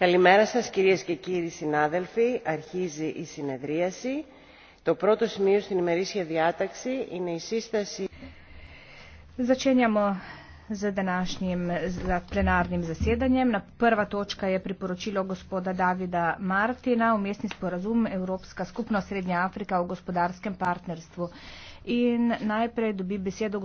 Καλημέρα σας κυρίες και κύριοι συνάδελφοι. Αρχίζει η συνεδρίαση. Το πρώτο σημείο στην ημερήσια διάταξη είναι η σύσταση... Začenjamo za današnjim za plenarnim zasedanjem. Na prva točka je priporočilo gospoda Davida Martina, umestni sporazum Evropska skupnost Srednja Afrika o gospodarskem partnerstvu. In najprej dobi besedo